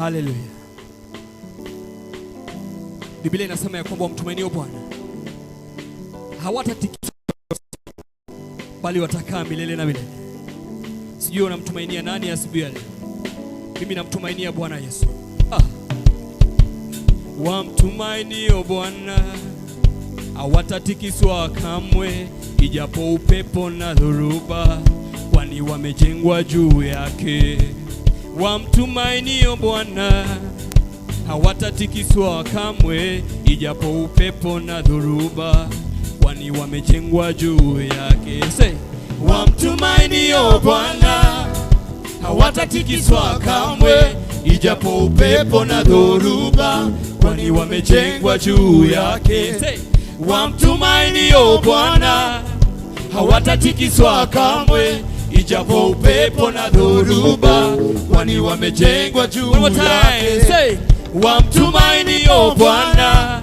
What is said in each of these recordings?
Haleluya. Biblia inasema ya kwamba wamtumainio Bwana hawatatikiswa, bali watakaa milele na milele. Sijui unamtumainia nani asubuhi leo? Mimi namtumainia Bwana Yesu. Ah. Wamtumainio Bwana hawatatikiswa kamwe, ijapo upepo na dhuruba kwani wamejengwa juu yake wamtumainio Bwana hawatatikiswa kamwe, ijapo upepo na dhuruba, kwani wamechengwa juu yake. Se wamtumainio Bwana hawatatikiswa kamwe, ijapo upepo na dhuruba, kwani wamechengwa juu yake. Se wamtumainio Bwana hawatatikiswa kamwe ijapo upepo na dhoruba, kwani wamejengwa juu yake. Wamtumainio Bwana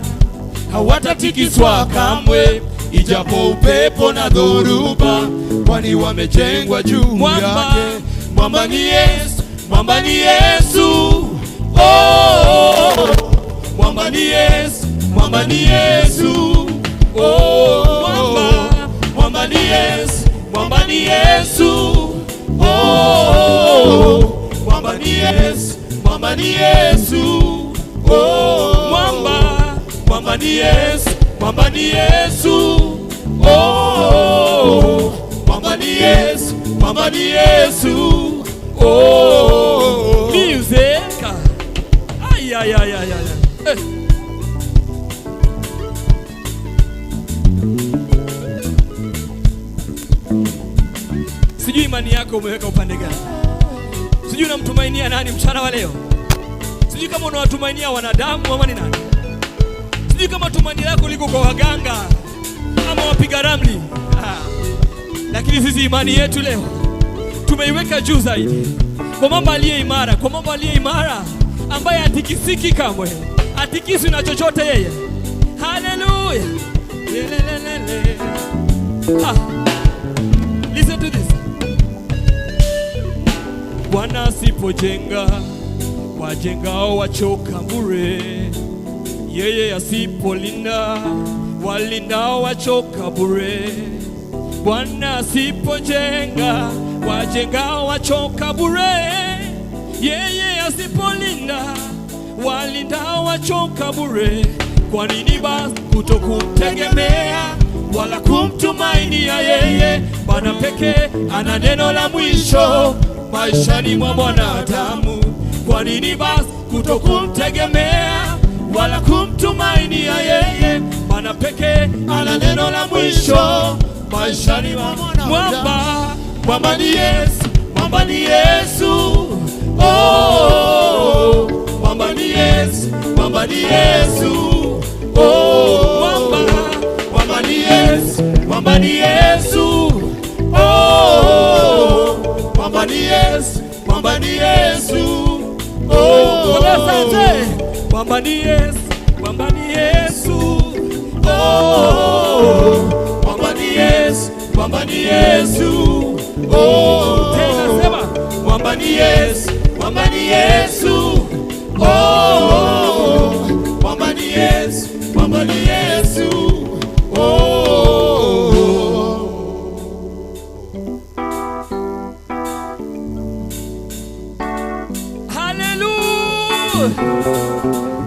hawatatikiswa kamwe, ijapo upepo na dhoruba, kwani wamejengwa juu yake. Mwamba ni Yesu, mwamba ni Yesu, oh, mwamba ni Yesu, mwamba ni Yesu, oh, mwamba, mwamba ni Yesu, mwamba ni Yesu mwamba ni Yesu, oh, ni oh. mwamba ni Yesu, mwamba ni Yesu, oh. ni Yesu, mwamba ni Yesu yako umeweka upande gani? Sijui unamtumainia nani mchana wa leo? Sijui kama unawatumainia wanadamu ama ni nani? Sijui kama tumaini lako liko kwa waganga ama wapiga ramli. Ah, lakini sisi imani yetu leo tumeiweka juu zaidi kwa mama aliye imara, kwa mama aliye imara ambaye atikisiki kamwe, atikisi na chochote yeye. Haleluya! ha. Ah. Bwana asipojenga wajengao wachoka bure, yeye asipolinda walindao wachoka bure. Bwana asipojenga wajengao wachoka bure, yeye asipolinda walindao wachoka bure. Kwa nini basi kutokumtegemea wala kumtumainia yeye? Bwana pekee ana neno la mwisho maishani mwa mwanadamu. Kwa nini basi kutokumtegemea wala kumtumainia yeye? Maana pekee ana neno la mwisho maishani mwa mwamba. Mwamba ni Yesu, mwamba ni Yesu, oh, mwamba ni Yesu, mwamba ni Yesu ni Yesu, kwamba ni Yesu, kwamba oh, ni Yesu, kwamba ni Yesu, kwamba oh, ni Yesu, kwamba ni Yesu, kwamba oh, ni Yesu, kwamba ni Yesu Thank you.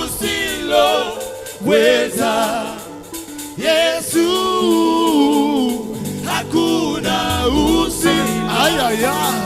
weza. Yesu hakuna usi ayaya